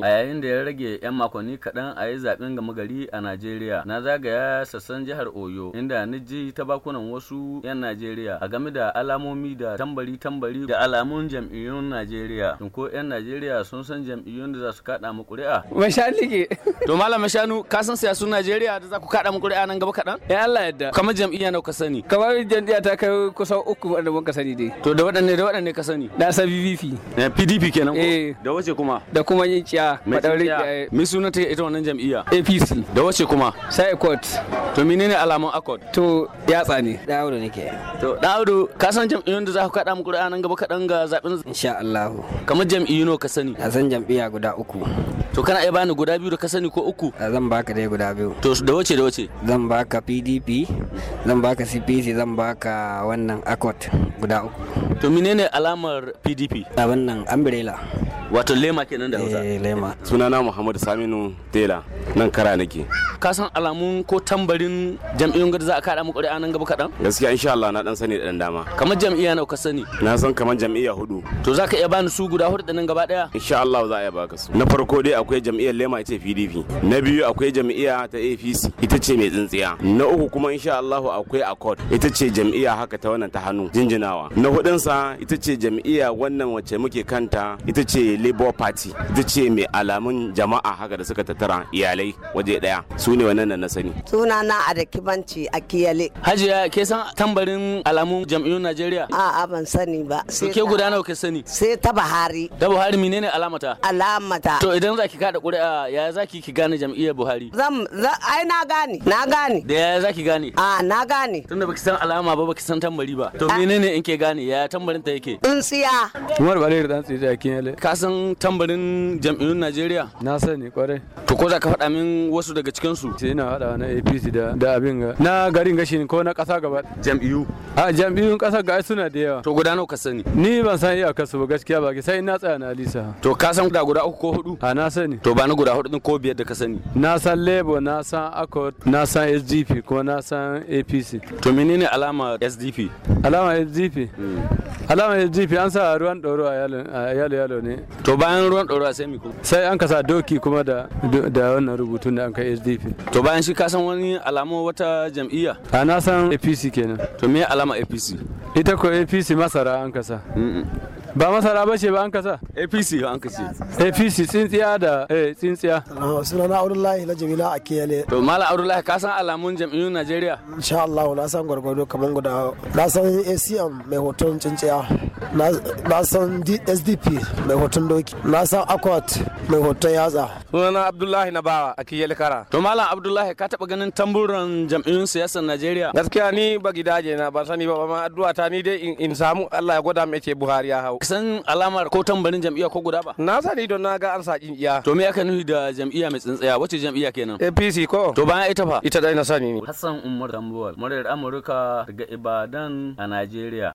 A yayin da ya rage 'yan makonni kaɗan a yi zaɓen gama gari a Najeriya, na zagaya sassan jihar Oyo, inda ni ji ta bakunan wasu 'yan Najeriya a game da alamomi da tambari-tambari da alamun jam'iyyun Najeriya. tun ko 'yan Najeriya sun san jam'iyyun da za su kaɗa mu ƙuri'a? ke. To Malam Mashanu, ka san siyasun Najeriya da za ku kaɗa mu ƙuri'a nan gaba kaɗan? Ya Allah yadda. Kamar jam'iyya nau ka sani? Kamar jam'iyya ta kai kusa uku mun ka sani dai. To da waɗanne da waɗanne ka sani? Na sabbi PDP. PDP eh, kenan ko? Eh. Da wace kuma? Da kuma yin ciya. tsintsiya madaurin mi suna ta ita wannan jam'iyya apc da wace kuma sai accord to menene alamun accord to yatsa ne daudu nake to da daudu ka san jam'iyyun da za ka kada mu ƙuri'a gaba kaɗan ga zaɓen insha Allah kamar jam'iyyu nawa ka sani a san jam'iyya guda uku to kana iya bani guda biyu da ka sani ko uku zan baka dai guda biyu to da wace da wace zan baka pdp zan baka cpc zan baka wannan accord guda uku to menene alamar pdp a wannan umbrella wato lema kenan da eh, hausa eh lema sunana muhammadu saminu tela nan kara nake ka san alamun ko tambarin jam'iyyun gada za a kada mu ƙuri'a nan gaba kaɗan gaskiya insha Allah na dan sani da dan dama kamar jam'iyya nawa ka sani na san kamar jam'iyya hudu to zaka iya bani su guda hudu da nan gaba daya insha Allah za a iya baka su na farko dai akwai jam'iyyar lema ita PDP na biyu akwai jam'iyya ta APC ita ce mai tsintsiya na uku kuma insha Allah akwai Accord ita ce jam'iyya haka ta wannan ta hannu jinjinawa na hudunsa ita ce jam'iyya wannan wacce muke kanta ita ce labour party duk ce mai alamun jama'a haka da suka tattara iyalai waje daya su ne wannan na sani na a da kibanci a kiyale hajiya ke san tambarin alamun jam'iyyun najeriya a a ban sani ba sai ke gudanar nawa ke sani sai ta buhari da buhari menene alamata alamata to idan zaki kada ƙuri'a yaya zaki ki gane jam'iyyar buhari zan ai na gane na gane da yaya zaki gane a na gane tunda baki san alama ba baki san tambari ba to menene in ke gane yaya tambarin ta yake tsintsiya umar bare da tsintsiya kiyale ka san san tambarin jam'iyyun Najeriya? Na sani kwarai. To ko za ka faɗa min wasu daga cikin su? Sai na haɗa na APC da da abin ga. Na garin gashi ko na ƙasa gaba. Jam'iyyu. A jam'iyyun ƙasa ga suna da yawa. To guda nawa ka sani? Ni ban san iya kasu ba gaskiya ba sai na tsaya na lisa. To ka san da guda uku ko hudu? A na sani. To ba na guda hudu din ko biyar da ka sani? Na san Labour, na san Accord, na san SDP ko na san APC. To menene alama SDP? Alama SDP. Mm. Alama ya jifi an sa ruwan ɗoro a yalo yalo ne to bayan ruwan ɗoro sai kuma sai an kasa doki kuma da da wannan rubutun da an kai HDP to bayan shi ka san wani alamu wata jam'iyya a na san APC kenan to me alama APC ita ko APC masara an kasa ba masara ba ce ba an kasa apc ba an kasa apc tsintsiya da eh tsintsiya suna na aurullahi na jamila a kiyale to mala aurullahi ka san alamun jam'iyyun najeriya insha allahu na san gwargwado kaman guda na san acm mai hoton tsintsiya na san sdp mai hoton doki na san akwat mai hoton yatsa na abdullahi na bawa a kiyale kara to mala abdullahi ka taba ganin tamburan jami'un siyasar najeriya gaskiya ni ba gidaje na ba sani ba ma addu'a ta ni dai in samu Allah ya gwada mai ke buhari ya hau san alamar ko tambarin jam'iyya ko guda ba na sani don na ga an sa iya. to me aka nufi da jam'iyya mai tsintsaya wace jam'iyya kenan APC ko to bayan ita fa ita dai na sani ne Hassan Umar Tambuwal muryar Amurka daga Ibadan a Najeriya